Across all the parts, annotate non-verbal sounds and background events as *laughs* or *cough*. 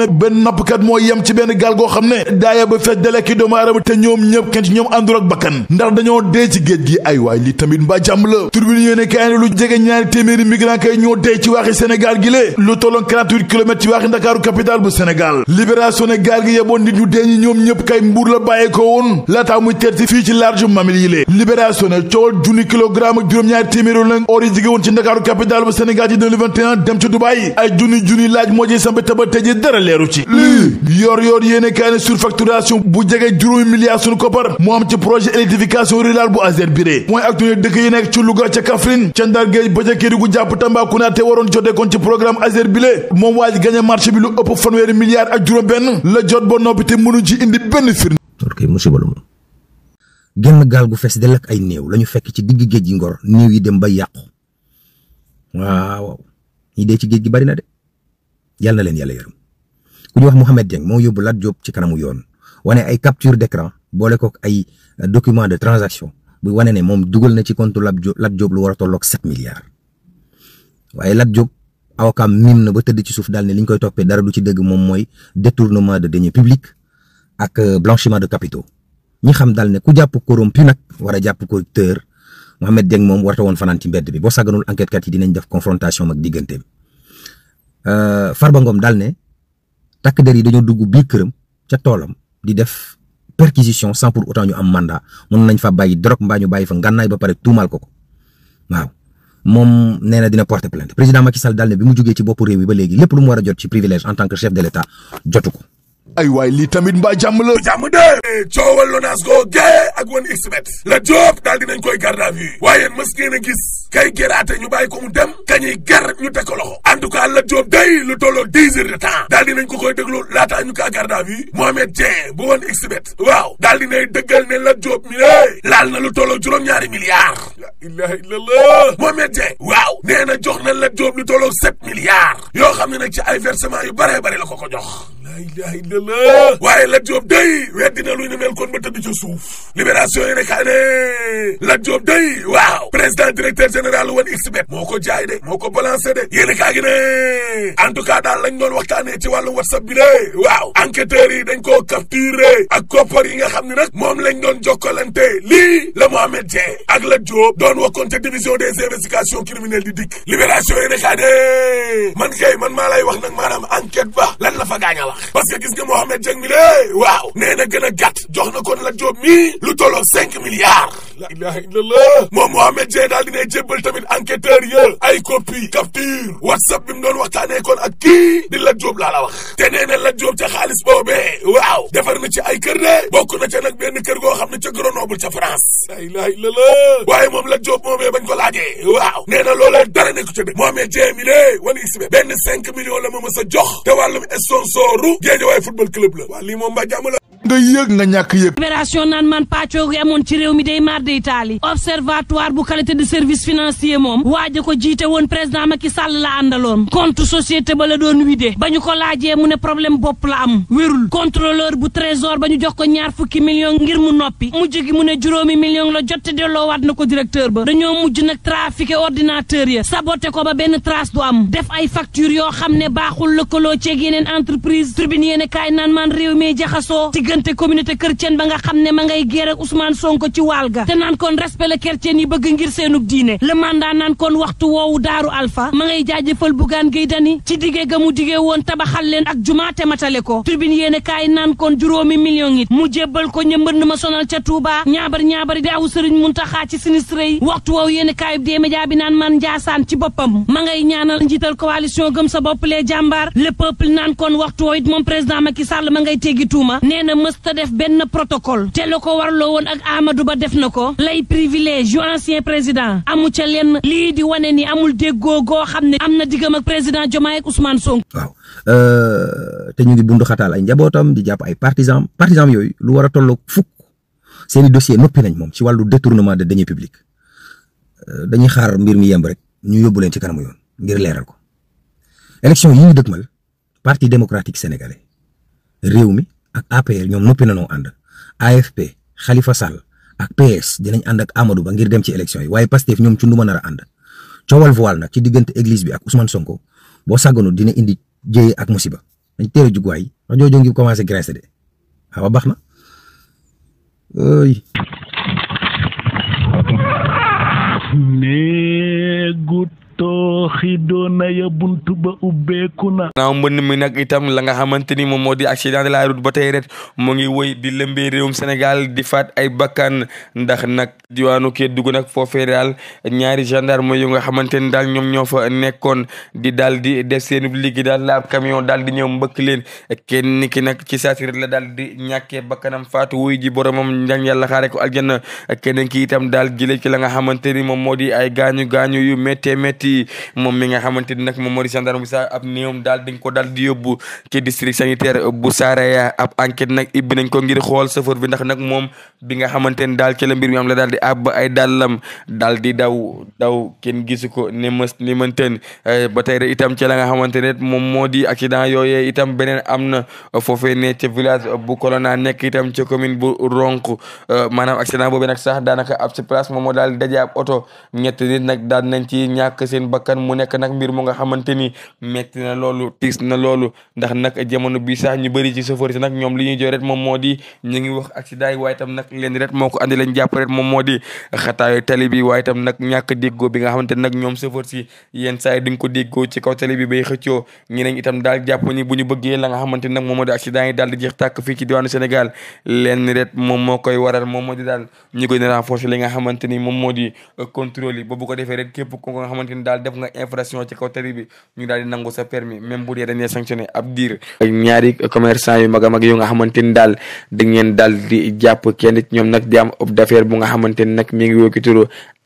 ne benn nappkat moo yem ci benn gaal goo xam ne daaya ba fees dalekki doomu aadama te ñoom ñëpp kenn ci ñoom àndul bakkan ndax dañoo dee ci géej gi ay waay li tamit mbaa la turbine yéene kaay ne lu jege ñaari téeméeri migrant kay ñoo dee ci waaxi Sénégal gi lée lu tolloon 48 kilomètres ci waaxi Ndakaaru capitale bu Sénégal libération ne gaal gi yeboon nit ñu dee ñi ñoom ñëpp kay mbuur la bàyyee ko woon laataa muy teerti fii ci large mamil yi lée libération leeru ci lii yor yor yéene kaay ne surfacturation bu jege juróomi milliards suñu koppar moo am ci projet électrification rurale bu ASER birée mooy ak tune dëkk yi nekk ci Louga ca Kaffrine ca Ndar Géej ba ca Kédougou jàpp Tambacounda te waroon joteekoon ci programme ASER bi lée moom waa ji gañe marché bi lu ëpp fanweeri milliards ak juróom benn la jot ba noppi te mënuñ ci indi benn firnde genn gaal gu fes del ak ay néew lañu fekk ci digg géej gi ngor néew yi dem ba yàqu ci géej gi bari na de leen yàlla ku ñuy wax Mouhamed Dieng moo yóbbu Lat Diop ci kanamu yoon wane ay capture d'écran boole kook ay euh, document de transaction bu wane ne moom dugal na ci compte Lat Diop Lat Diop lu war a tolloog sept milliards waaye Lat Diop awkaam mim na ba tëdd ci suuf daal ne li ñu koy toppee dara du ci dëgg moom mooy détournement de deniers publics ak euh, blanchiment de capitaux ñi xam daal ne ku jàpp corrompu nag war a jàpp corrupteur Mouhamed Dieng moom warta woon fanaan ci mbedd bi boo sàgganul enquête yi dinañ def confrontation ak digganteem euh, Farba Ngom daal ne takk der yi dañoo dugg biir këram ca toolam di def perquisition sans pour autant ñu am mandat mën nañ fa bàyyi drogue mbaa ñu bàyyi fa ngànnaay ba pare tuumaal ko ko waaw moom nee dina porter plainte président Macky Sall ne bi mu jógee ci bopp réew mi ba léegi lépp lu mu war a jot ci privilège en tant que chef de l'État jotu ko. ay waay lii tamit mbaa jàmm la jàmm de eh, coowal lonaas koo gae ak wan xbet la Diop daal dinañ koy garde à vue waaye mës ngeen a gis kay gëraate ñu bàyyi ko mu dem kañuy gar ñu teg ko loxo en tout cas la Diop day lu tolloo dix heures de temps daal dinañ ko koy déglu laataa ñu kaa garde à vue Mohamed Dieng bu wan xbet waaw daal dinay dëggal ne la Diop mi laal na lu tolloo juróom-ñaari milliards la ilaha illallah Mohamed Dieng waaw nee na jox na la lu tolloo sept milliards yoo xam ne nag ci ay versement yu baree bari la ko ko jox laa ilaaha waaye la Diop day weddi na luy ne mel kon ba tëdd ca suuf libération yi nekkaa ne Lat Diop day waaw président directeur général wan XBET moo ko jaay de moo ko balancé de yéen kaa gi ne en tout cas daal lañ doon waxtaanee ci wàllu whatsapp bi de waaw enquêteurs yi dañ koo capturé ak koppar yi nga xam ne nag moom lañ doon jokkalante lii la Mohamed Dieng ak la Diop doon wakkoon ca division des investigations criminelles di dikk libération yi nekkaa man kay man maa lay wax nag maanaam enquête lan la fa gaañ parce que gis nga Mohamed Dieng mi lée waaw nee a gën a gàtt jox na kon Lat Diop mi lu tolloog cinq milliards la ilaha illallah oh, moom Mohamed Dieng daal dina jébbal tamit enquêteur ya ay copie capture whatsapp bi mu doon waxtaanee kon ak kii di Lat Diop laa la wax te nee na Lat Diop ca xaalis boobee waaw defar ci ay kër de bokk na ca nag benn kër goo xam ne ca Grenoble ca France la ilaha illallah waaye moom la Diop moomee bañ ko laajee waaw nee na loola dara nekku ca dëgg Mohamed Dieng mi de wan xb benn cinq millions la ma mës a jox te wàllum sponsor u Guédiawaye football club la waa moom mbaa jàmm la nga yëg nga ñàkk yëg libération naan man pàccoo gi ci réew mi day marde itaali observatoire bu qualité de service financier moom waaja ko jiite woon président Macky Sall la àndaloon compte société ba la doon wide ba ñu ko laajee mu ne problème bopp la am wérul contrôleur bu trésor ba ñu jox ko ñaar fukki million ngir mu noppi mujj gi mu ne juróomi million la jotte delloowaat na ko directeur ba dañoo mujj nag trafiqué ordinateur ya saboté ko ba benn trace du am def ay facture yoo xam ne baaxul lëkkaloo ceeg yeneen entreprise diggante communauté chrétienne ba nga xam ne ma ngay guerre ak Ousmane Sonko ci waal ga te naan kon respect la chrétien yi bëgg ngir seenug diine le mandat naan kon waxtu woowu daaru alpha ma ngay jaajëfal Bougane Gueye Dany ci diggee ga mu diggee woon tabaxal leen ak jumaate te matale ko tribune yéene kaay naan kon juróomi million it mu jébbal ko ñëmbënd ma sonal ca tuuba ñaabar ñaabar di aw sëriñ Muntaxa ci sinistre yi waxtu woowu yéene kaayub dee média bi naan man Njaasaan ci boppam ma ngay ñaanal njiital coalition gëm sa bopp les jàmbaar le peuple kon waxtu woowu moom président Macky Sall ma ngay teggi tuuma nee mësta def benn protocole te la ko warloo woon ak Amadou Ba def na ko lay privilège yu ancien président amu ca lenn lii di wane ni amul déggoo goo xam ne am na diggam ak président Diomaye ak Ousmane Sonko. waaw euh, te ñu ngi bundu xataal ay njabootam di jàpp ay partisans partisans yooyu lu war a tolloog fukk seen i dossier noppi nañ moom si wàllu détournement de deniers publics euh, dañuy xaar mbir mi yemb rek ñu yóbbu leen ci kanamu yoon ngir leeral ko élection yi ñu dëgmal parti démocratique sénégalais réew mi ak APR ñoom noppi nanoo ànd AFP Khalifa Sall ak PS dinañ ànd ak Amadou Ba ngir dem ci élection yi waaye Pastef ñoom ci lu ma nar a ànd coowal voile nag ci diggante église bi ak Ousmane Sonko boo sàgganu dina indi jéye ak musiba dañ teel a jug waay wax jooju ngi commencé graissé de waaw ah, baax na. néegu tooxidona ya buntu ba ubbeeku na naaw mbënn mi nag itam la nga xamante ni moom moo di accident de ba tey ret mu ngi woy di lëmbee réewum Sénégal di faat ay bakkan ndax nag diwaanu Kédougou nag foofee daal ñaari gendarme yu nga xamante ni daal ñoom ñoo fa nekkoon daal di def seen liggéey daal la ab daal di ñëw mbëkk leen kenn ki nag ci saasir la daal di ñàkkee bakkanam faatu wuy ji boromam ndax yàlla xaare ko aljanna keneen ci la nga xamante ni moo di ay gaañu gaañu yu métti moom mi nga xamante ni nag moom moo di gendarme bi sax ab néewam daal dañ ko daal di yóbbu ci district bi ndax nag moom bi nga la daal di àbb ay dàllam daal di ko ne mës ni mënten eh, ba tey rek itam ci la nga xamante ne moom moo di accident yooyee itam beneen am na foofee ne ca village bu Kolona nekk itam ca commune bu Ronk eh, maanaam accident boobu nag sax daanaka ab si daal di ab oto ñett nit nag seen bakkan mu nekk nag mbir mu nga xamante ni metti na loolu tiis na loolu ndax nag jamono bi sax ñu bëri ci chauffeur si nag ñoom li ñuy joy ret moom moo di ñu ngi wax accident yi waaye itam nag leen ret moo ko andi lañ jàpp ret moom moo di xataayu nga xamante nag ñoom chauffeur si yenn ret moom moo a ko nga xamante daal def nga infraction ci kaw tali bi ñu daal di nangu sa permis même bu dee dañuy sanctionné ab diir. ñaari commerçant yu mag a mag yu nga xamante ni daal di ngeen daal di jàpp kenn ci ñoom nag di am homme d'affaires bu nga xamante ni nag mi ngi wóor ki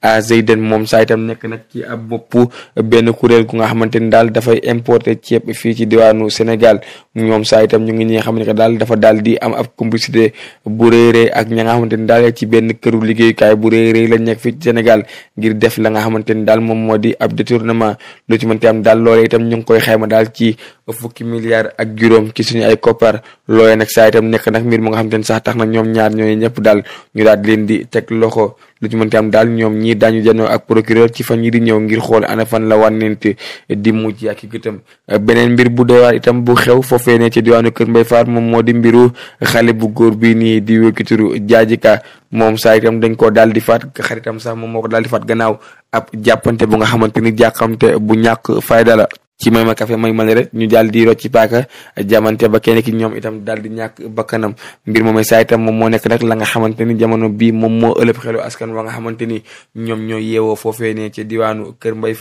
Zeydan moom saa itam nekk nag ci ab bopp benn kuréel gu nga xamante ni daal dafay importer ceeb fii ci diwaanu Sénégal ñoom saa itam ñu ngi ñi nga ne daal dafa daal di am ab complicité bu réeré ak ña nga xamante ni daal ci benn këru liggéeyukaay bu réeré la nekk fii ci Sénégal ngir def la nga xamante ni daal moom moo di ab détournement lu ci mënti am daal itam ñu ngi koy xayma daal ci fukki milliards ak juróom ci suñu ay koppar loolee nag saa nekk nag mbir mu nga xamante ni sax tax na ñoom ñaar ñooñu ñëpp daal ñu daal di leen di teg loxo. lu ci mënti am daal ñoom ñii daañu janoo ak procureur ci fa yi di ñëw ngir xool ana fan la wànnente di mujj ak itam beneen mbir bu doy itam bu xew foofee ne ci diwaanu Kër Mbay Faar moom moo di mbiru xale bu góor bi nii di wékkituru jaajika moom saa itam dañ koo daal di faat xaritam sax moom moo ko daal di faat gannaaw ab jàppante bu nga xamante ni jàqamte bu ñàkk fayda ci may ma café may ma lere ñu daal di rocci paaka jamante ba kenn ki ñoom itam daal di ñàkk bakkanam mbir moom saa itam moom moo nekk nag la nga xamante ni jamono bii moom moo ëlëb askan wa nga xamante ni ñoom ñoo yewo foofee ne ca diwaanu Kër Mbay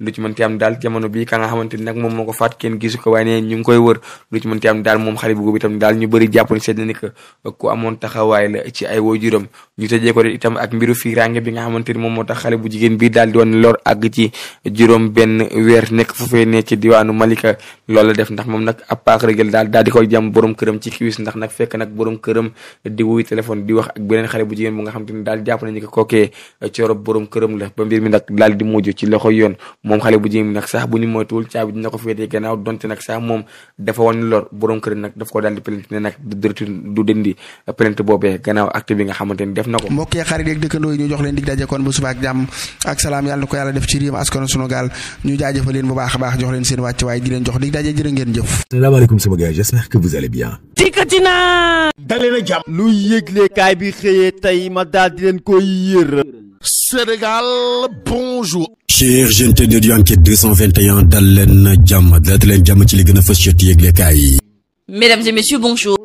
lu ci mënti am daal jamono bii ka nga xamante ni nag moom moo ko faat kenn gisu ko waaye nee ñu ngi koy wër lu ci mënti am daal moom xale bu góob itam ñu bëri jàpp ni seet na ni que ku amoon taxawaay la ci ko itam ak mbiru fiiraange bi nga xamante ni moom moo tax xale bu jigéen bii daal di woon lor àgg ci weer nekk foofee ne ci diwaanu Malika loolu la def ndax moom nag ab paak rëgal daal daal di koy jam borom këram ci kiwis ndax nag fekk nag borom këram di wuy téléphone wax ak beneen xale bu jigéen bu nga xamante ni daal jàpp nañu ko kookee coorob borom këram la ba mbir mi nag laal di mujj ci loxo yoon moom xale bu jigéen nag sax bu ñu moytuwul caabi dina ko féetee gannaaw donte nag sax moom dafa wan lor borom kër nag daf ko daal di plainte ne nag du dindi plainte boobee gannaaw acte nga xamante def na ko. mbokk xarit yeeg dëkkandoo ñu jox leen dig daje bu subaa ak ak salaam yàlla na ko yàlla def ci réew askan sunu gaal ñu jaajëfal leen bu baax baax jox leen seen wàcc waaye di jox dig daje ngeen jëf. Sénégal, bonjour. cher gente de di Enquête 221 dal leen jàmm dal leen jàmm ci li gën a fës ci yëglekaay yi. Mesdames et messieurs, bonjour.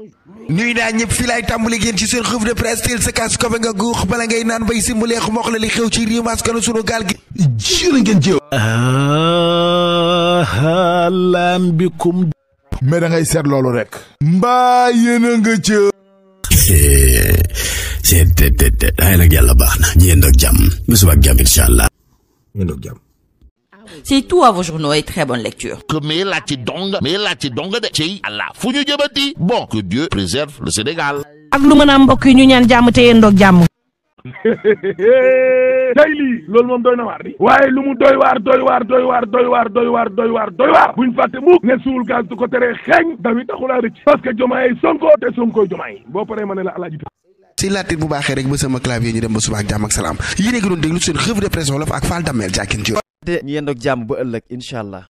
nuy naa ñëpp fii laay tàmbali génn ci seen revue de presse teel sa kaas kofe nga guux bala ngay naan bay simbuleex moox la li xew ci réew maskanu sunu gaal gi jërë ngeen jëw ahlan bikum seet loolu rek mbaa yéen a nga ca *laughs* seen tët ba suba ak jàmm incha allah ñu yendoog jàmm C'est tout à vos journaux et très bonne lecture. Que mais la ci dong mais la ci de ci Allah fu ñu jëmati bon que Dieu préserve le Sénégal ak lu mën a mbokk yi ñu ñaan jàmm te yendoog jàmm tey *laughs* lii loolu moom doy na waar di waaye lu mu doy waar doy waar doy waar doy waar doy waar doy waar doy waar buñ fàtte mukk ne suul gaz du ko teree xeeñ dawi taxulaa rëcc parce que jomaay Sonko te Sonko jomaay boo paree ma ne la alaaji si laatit bu baaxee rek ba sama clavier ñu dem ba suba ak salaam yéen a ngi doon déglu seen revue de presse wolof ak Fall Damel Diakine Diop. ñu yendoog jàmm ba ëllëg incha